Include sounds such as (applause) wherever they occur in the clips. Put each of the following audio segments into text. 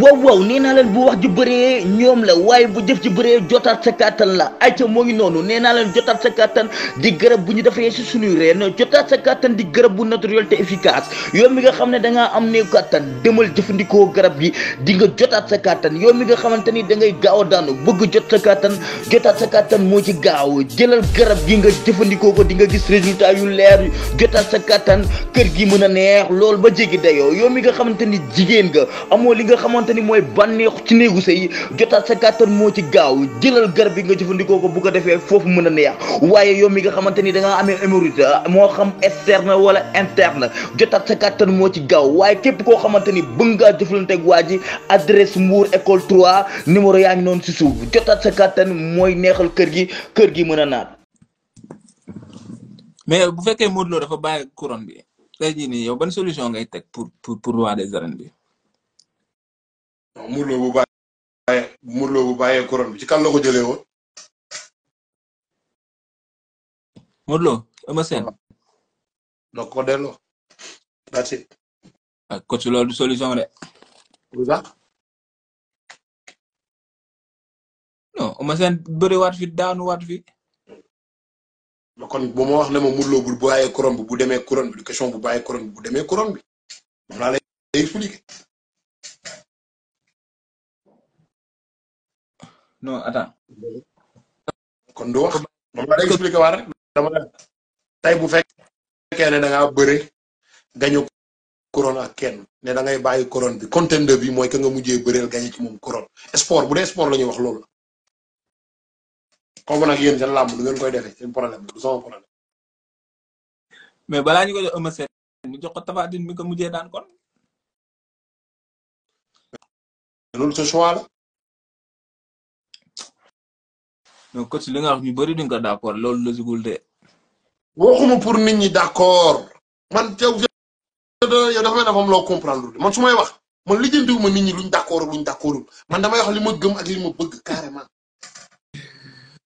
waaw waaw nee naa leen bu wax ji bëree ñoom la waaye bu jëf ji bëree jotaat sa kàttan la ayca moo ngi noonu nee naa leen jotaat sa kàttan di garab bu ñu defee si suñuy reen jotaat sa kàttan di garab bu naturel te efficace yow mi nga xam ne da am néew kàttan demal jëfandikoo garab gi di nga jotaat sa kàttan yow mi nga xamante ni da ngay gaaw a daanu bëgg jot sa kàttan jotaat sa kàttan moo ci gaaw jëlal garab gi nga jëfandikoo ko di nga gis résultat yu leer jotaat sa kàttan kër gi mën a neex lool ba jéggi dayoo yow mi nga xamante ni jigéen nga amoo li nga xam xamanteni moy banex ci negu sey jotat sa gàttal mo ci gaaw jëlal garbi nga jëfëndiko ko bu ko défé fofu mëna a neex waaye yow mi nga xamanteni da nga amé hémorroïde mo xam externe wala interne jotat sa gàttal mo ci gaaw waye képp ko xamanteni ni bëgg ngaa ak waji adresse mour école 3 numéro yaangi non ci suuf jotat sa gàttal moy neexal kër gi kër gi mëna naat mais bu féké modlo dafa baye couronne bi tay ni yow ban solution ngay tek pour pour pour roi des arènes bi Modou Lo bu bàyyee Modou Lo bu bàyyee couronne bi ci kan la ko jëlee woon. Modou Lo Eumeu Sène. ko delloo. that's it. ah coach loolu du solution de. lu tax. non Eumeu Sène fi daanu waat fi. ma kon bu ma wax ne ma Modou Lo bu bàyyee couronne bi bu demee couronne bu bàyyee couronne bi bu bi moom non attends. kon du wax. moom la expliqué waat rek dama la tey bu fekkee ne da ngaa bëre gañu couronne ak kenn ne da ngay bàyyi couronne bi contender bi mooy ka nga mujjee bëreel gañe ci moom couronne sport bu dee sport la ñuy wax lool la. xaw ma nag yéen seen làmb du ngeen koy defee seen problème du sama problème. balaa ñu ko jox Eumeu Sène ñu jox ko Tapha mi ko mujjee daan kon. loolu sa donc coach li nga wax ñu bëri duñ ko d' pur loolu dakor, de. waxuma pour nit ñi d' accord man yow yow dafa mel dafa am loo comprendre man su may ya, wax man lijjantiwu ma nit ñi luñ d' accord luñ d'accord accordul man damay wax li ma gëm ak li ma bëgg carrément.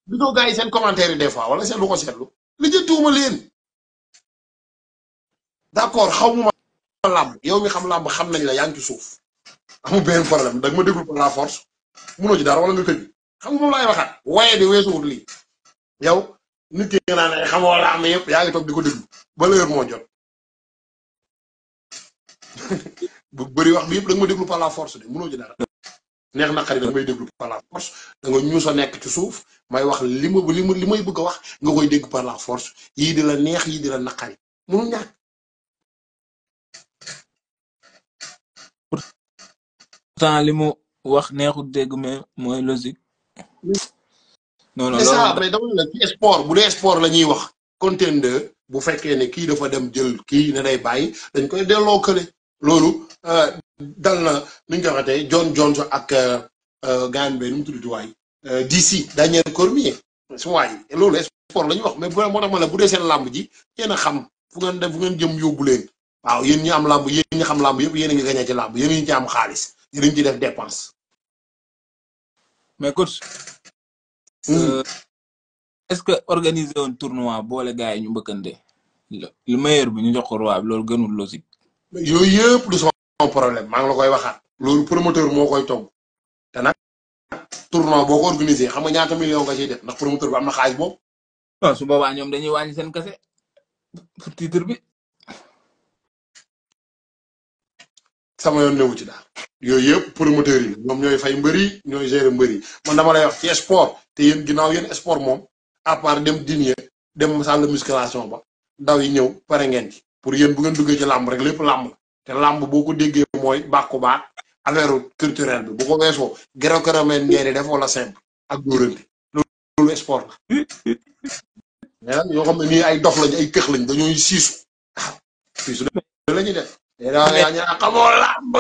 di ko gars yi seen commentaire yi des fois wala seen lu ko seetlu lijjantiwu ma leen d' accord xaw yow mi xam xam ya, nañ la yaa ngi ci suuf benn problème dag ma déglu la force munoo ci dara wala nga tëj. xam nga moom laay waxaat waaye di weesuwut lii yow nit ki nga naan xamoo la am yëpp yaa ngi toog di ko ba léer moo (laughs) bu bëri wax bi yëpp da nga ma déglu par la force de mënoo ci dara neex na xarit da may déglu par la force da nga nekk ci suuf may wax li ma li ma li bëgg a wax nga koy dégg par la force yii di la neex yii di la naqari mënul ñàkk pourtant li mu wax neexu dégg mais mooy logique non non ça mais dama la sport bu dee sport la ñuy wax contender bu fekkee ne kii dafa dem jël kii ne day bàyyi dañ koy delloo kële loolu euh, dal na nu ñu ko waxatee John Jones ak euh, euh, gaan be nu mu tuddati waay DC Daniel Cormier su waay loolu sport la ñuy wax mais bu moo tax ma la bu dee seen làmb ji yéen a xam fu ngeen dem fu ngeen jëm yóbbu leen waaw yéen ñi am làmb yéen ñi xam làmb yëpp yéen a ngi gañee ci làmb yéen a ngi ci am xaalis yéen a ngi ci def dépense mais coach. Hmm. Euh, est-ce que organiser woon tournoi boole ga yi ñu mbëkkante lu meilleur bi ñu jox ko roi bi loolu gënul logique. yooyu lu du sama problème maa ngi la koy waxaat. loolu promoteur moo koy togg te nag tournoi boo organiser organisé xam nga ñaata million nga ciy def ndax promoteur bi am xaaj xaalis boobu. non su boobaa ñoom dañuy wàññi seen kase pour titre bi. sama yoon newu ci daal. yoy yep promoteur yi ñom ñoy fay mbeuri ñoy gérer mbeuri man dama lay wax ci sport te yeen ginaaw yeen sport mom à part dem dinier dem salle de musculation ba daw yi ñew paré ngeen ci pour yeen bu ngeen duggé ci lamb rek lepp lamb la te làmb boo ko déggee mooy bàkku affaire culturelle bi bu ko weesoo gero keroomeen ngeen di def wala simple ak dóorante loolu sport la mais yoo xam ni ay dof lañ ay kex lañ dañooy sisu sisu lañu def era ya yaa xamoo lamb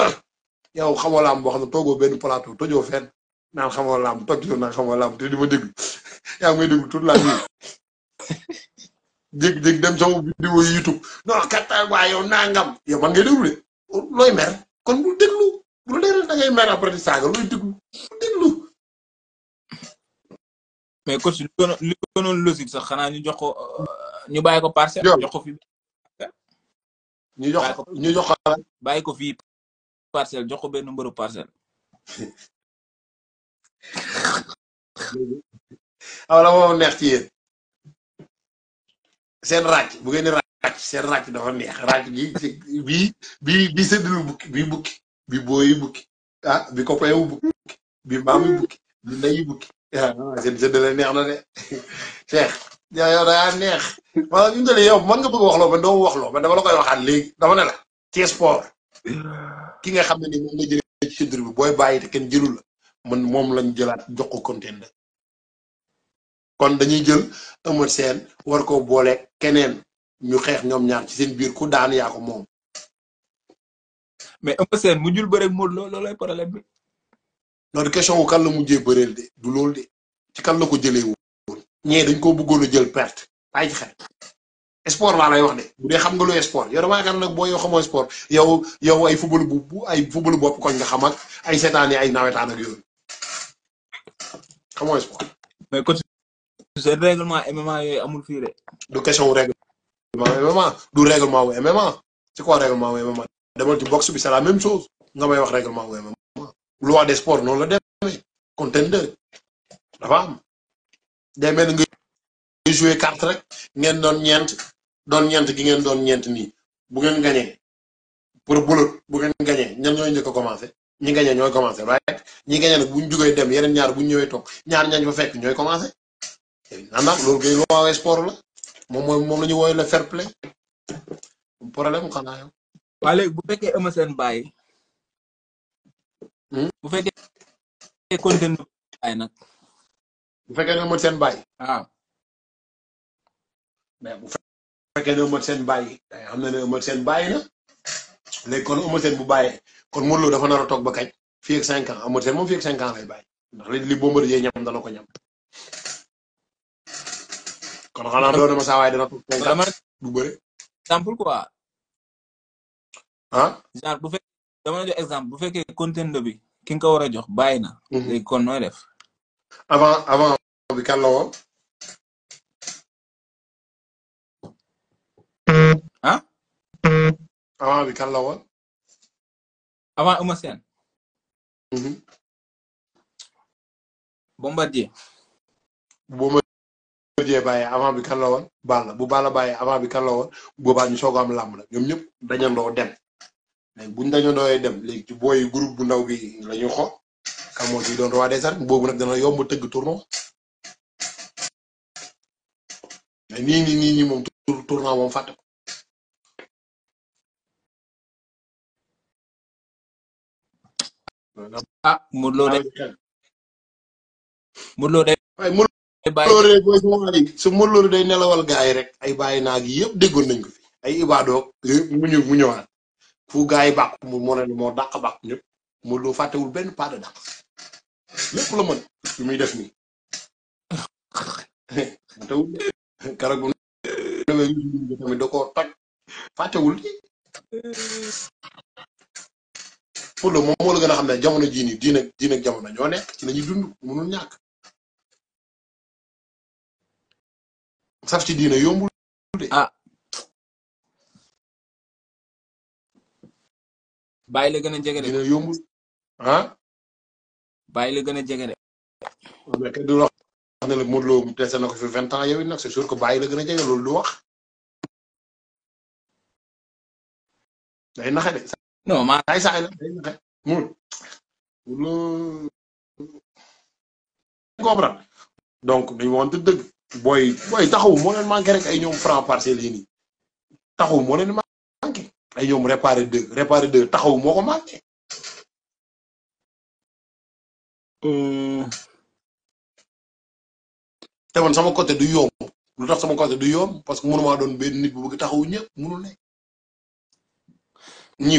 yow xamoo làmb boo xam ne toogoo benn plateau tojoo fenn naan xamoo làmb toj naan xamoo làmb te di ma déglu (laughs) yaa ngi may déglu toute la nuit jég jég dem sama vidéo yi YouTube non kat waaye yow nangam yow man de looy mer kon bul déglu bul saaga looy déglu mais coach li gënoon li gënoon sax xanaa ñu jox ko euh, ñu bàyyi ko parcelle. jox ko fi ñu jox ko ko bàyyi ko fii. parcelle joko ko benn mbëru parcelle. (laughs) aw la moom neex ci yéen seen ràcc bu ngeen di ràcc seen ràcc dafa neex ràcc gi bii bii bii séddlu bukki bii bi booyi bukki ah bi copain wu bukki bi maam yi bi ndey yi bukki ah, seen séddale neex na de (laughs) Cheikh yow yow daa neex maanaam ñu ne yow mën nga bëgg waxloo man doo waxloo man dama la koy waxaat léegi dama ne ki nga xam ne ni moom nga jëlee ci séddale bi booy bàyyi te kenn jëlul man moom lañ jëlaat jox ko contender kon dañuy jël Eumeu seen war ko boole keneen ñu xeex ñoom ñaar ci seen biir ku daan yaa moom. mais Eumeu Sène mujjul bëreeg Modou Lo loolay problème bi. loolu question wu kan la mujjee bëreel de du loolu de ci kan la ko jëlee woon. ñee dañ ko bëggoon a jël perte ay ci sport maa lay wax de bu dee xam nga luy sport yow damaa yaakaar nag boo yoo xamoo sport yow yow ay football bu ay football bopp koñ nga xam ay seetaan yi ay nawetaan ak yooyu xamoo sport. mais coach seen règlement MMA yooyu amul fii de. du question wu règlement MMA du règlement wu MMA c'est quoi règlement bi c'est la même chose nga may wax règlement wu MMA. loi des sports noonu la demee contender dafa am. day mel jouer carte rek ngeen doon ñeent. doon ñeent gi ngeen doon ñeent nii bu ngeen gañee pour bulut bu ngeen gañee ñan ñooy njëkk a commencé ñi gañee ñooy commencé right ñi gañee nag bu ñu jógee dem yeneen ñaar bu ñu ñëwee toog ñaar ñañ fa fekk ñooy commencé naan loolu kay lu waawee sport la moom mooy moom la ñu le fair play problème xanaa yow. waaye bu fekkee Eumeu Sène bàyyi. Hmm? bu fekkee continué bàyyi nag. bu fekkee Eumeu Sène baay ah. waaw. fekkee ne Eumeu Sène bàyyi xam na ne Eumeu Sène bàyyi na léegi kon Eumeu Sène bu bàyyee kon Modou dafa nar a toog ba kañ fii ak cinq ans Eumeu Sène moom fii ak cinq ans lay bàyyi ndax li li Bombardier ñam dana ko ñam kon xanaa doon na ma saa waaye a toog cinq ans du bëre exemple ah genre bu fekkee dama jox exemple bu fekkee contender bi ki nga ko war a jox bàyyi na mhm. kon nooy def avant avant bi kan la ah. avant bi kan la woon. avant Eumeu Sène. Bombardier. Bombardier avant bi kan la woon bu Balla bàyyee avant bi kan la woon boobaa ñu soog a am làmb la ñoom ñëpp dañandoo dem léegi buñ dañandoo dem léegi ci booy groupe bu ndaw bi la ñu xoo kan moo ciy doon roi des arènes boobu nag dana yomb tëgg tournoi mais nii nii nii moom tournoi moom ah Modou Lo de. Ah, Modou Lo de. waaye Modou Lo de bàyyi su Modou Lo day nelawal gars yi rek ay bàyyi naag yëpp déggoon nañ ko fi ay ibaadoog yëpp mu ñëw mu ñëwaat fu gars yi bàq mu moo ne moo dàq bàq ñëpp Lo fàttewul benn pas de dàq lépp la mën lu muy def nii. fàttewul karag bu Fullo moom moo la gën a xam ne jamono jii nii diin ak diin ak jamono ñoo ci la ñuy dund mënul ñàkk. saf ci diine yombul ah. bàyyi la gën a jege de. diine yombul ah. bàyyi gën a jege de. mais kenn du wax ne la Modou Lo testé na ko fi vingt ans yow it nag c'est que bàyyi la gën a jege loolu du wax. day naxe de. non ma ay saay la day donc dañ wante dëgg boy boy taxaw mo len manke rek ay ñom franc parcel yi ni taxaw mo len manke ay ñom réparer deux réparer deux taxaw moko manke euh te man sama côté du yom lu tax sama côté du yom parce que mënu ma doon ben nit bu bëgg taxaw ñëpp mënu nekk ñi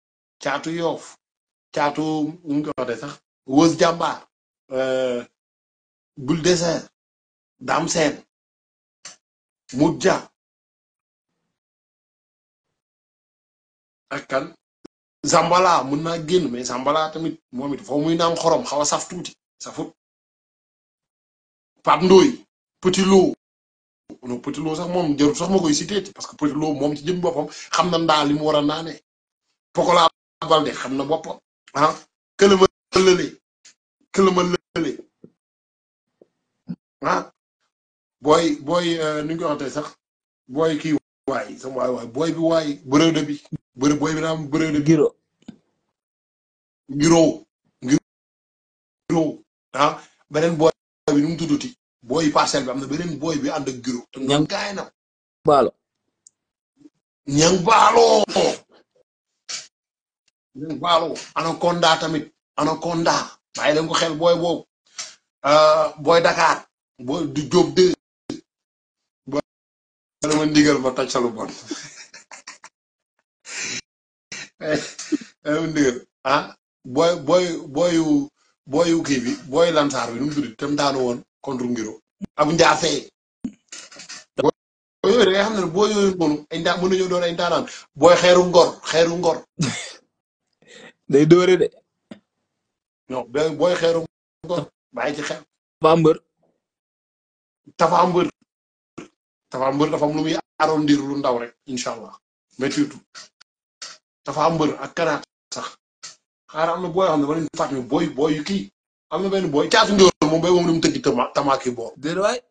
caatu yoof caatu nu ñu sax wës jàmbaar euh, bul désert daam seen mujja ak kan zambala mun naa génn mais zambala tamit moom it foofu muy naan xorom xaw a saf tuuti safut Pape Lo non Petit Lo sax moom jarul sax ma koy cité parce que Petit Lo moom ci jëm xam na ndaa li mu a Pokola Balde xam na boppam ah këlëma lële këlëma lële ah booy booy euh, nu ñu koy waxatee sax booy kii waay sama waay waay booy bi waay bërëw de bi bërë booy bi naam bërëw de bi giro giro giro ah beneen booy bi nu mu tudduti booy parcelle bi am na beneen booy bi ànd ak giro te ñang gaay waalo anaconda tamit anaconda bàyyi leen ko xel booy boobu euh, booy Dakar booy du Jóob de booy ndigal ma toj sa lu bon dama (laughs) ndigal ah booy booy booyu bi booy lansaar bi nu mu tudd tam daanu woon contre ngiro abu njaafee booy yooyu da nga xam ne booy yooyu noonu ay ndaa mën nañoo doon ay ndaanaan booy xeeru ngor xeeru ngor day dóore de. non boy xeeru ngor bàyyi ci xel. tafa am mbër. dafa am mbër. dafa am mbër dafa am lu ndaw rek incha allah mais surtout dafa am mbër ak kanaat sax xaaral am na booy yoo xam ne wala ñu fàttali booy am na benn booy caatu njóor moom booy moom ni mu tëgg tama tamaaki boor. déedéet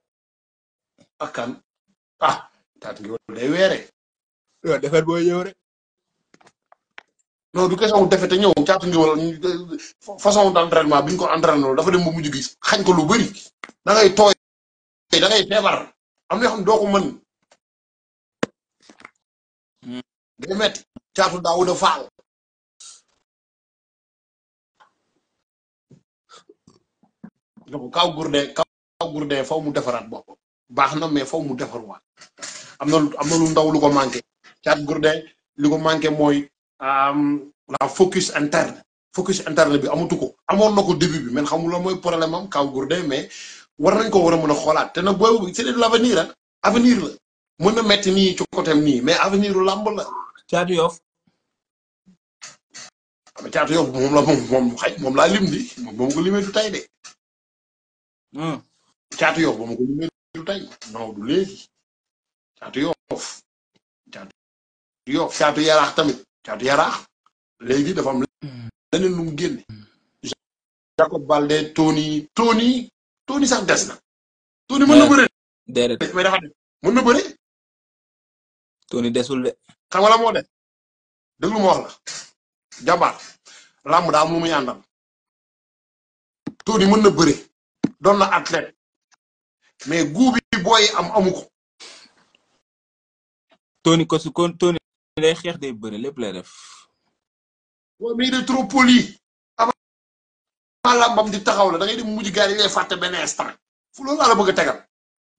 kan ah caatu njóor day weeree. waaw rek. non du question defete ñëw caatu ngiwal façon d'entraînement bi ñu ko entraîné loolu dafa dem ba mujj gi xañ ko lu bëri da ngay tooy da ngay feebar am na xam ne doo ko mën day metti caatu faal kaw gurde kaw gurde faw mu defaraat bo baax na mais faw mu defar waat am na am na lu ndaw lu ko manqué caat gurde li ko manqué mooy Euh, la focus interne focus interne bi amatu ko amoon na ko début bi man xamul la mooy problème am Kaw Gourdin mais war nañ ko war a mën a xoolaat te nag booy c'est l' avenir ah avenir la mën na metti nii ci côté nii mais avenir lu làmb la. Caatu Yoff. waaw ah, Caatu Yoff moom la moom moom xëy moom laa lim di moom ba ma ko limee de. Caatu Yoff ba ma ko limee du tey hmm. du léegi Caatu Yoff Caatu Yoff tamit. caatu yaraax léegi dafa am leneen lu mu génne Jacob Balde Tony Tony Tony sax des na Tony mën na bëre déedéet mais desul de xam de déglu ma wax la jàmbaar làmb daa am lu muy àndal Tony mën na bëre doon na athlète mais ko day xeex day bëri lépp lay def. waaw mais il est trop poli. avant làmbam di taxaw la da ngay dem mujj gars yi lay fàtte benn instant. fu loolu laa la bëgg tegal.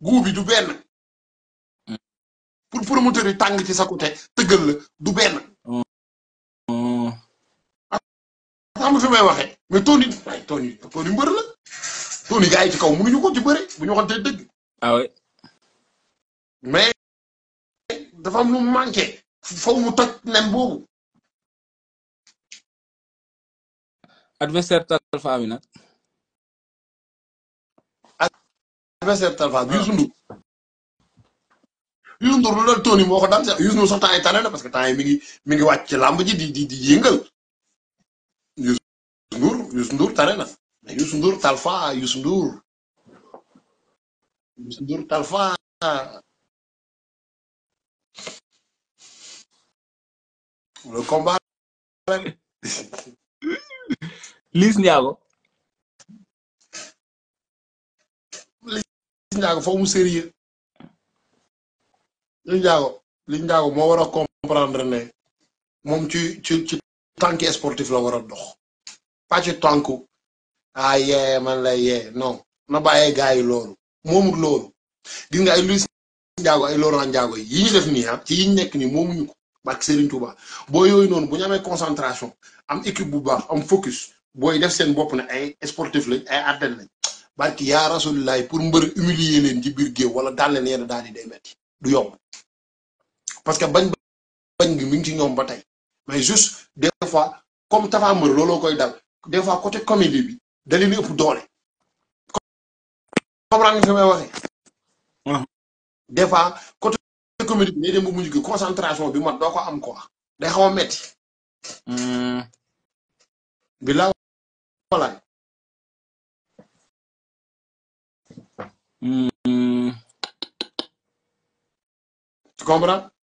guu bi du benn. Mm. pour promoteur yi tàng ci sa côté tëggal la du benn. xam mm. nga fi may waxee. mais Tony waaye Tony Tony mbër la. Tony gars yi ci kaw mënuñu ko bu ñu dëgg. ah oui. mais dafa am faw mu toj nem bobu adversaire Talfa bi nag. adversaire Talfa bi yusundu yusundu lu dal Tony moko dal daan sax Youssou Ndour sax temps yi na parce que tay mi ngi mi ngi wacc lamb ji di di di yëngal. yusundu Ndour Youssou Ndour tane na yusundu Youssou Talfa Talfa. le combat. (laughs) Liss Ndiago. Liss Ndiago foo mu sérieux. Liss Ndiago Liss Ndiago moo war comprendre ne moom ci ci ci tànk sportif la war a dox. pas ci tànku ah yee non na bàyyee gars yi loolu moomut loolu gis nga ay Liss Ndiago def nii ah ci yi ñu nekk nii barke Serigne Touba boo yooyu noonu bu ñu amee concentration am équipe bu baax am focus booy def seen bopp ne ay sportif lañ ay athlète lañ barke yaa rasulilah pour mbër humilier leen ci biir géew wala daal leen yenn daal di day metti du yomb parce que bañ bañ gi mi ngi ci ñoom ba tey mais juste des fois comme Tapha Mbeur looloo koy dal des fois côté comédie bi da leen ëpp doole. comprendre nga fi may waxee. Ah. des o m i t né dem bu mu jige concentration bi mat doko am quoi day xaw metti hmm bi la wala hmm tu comprends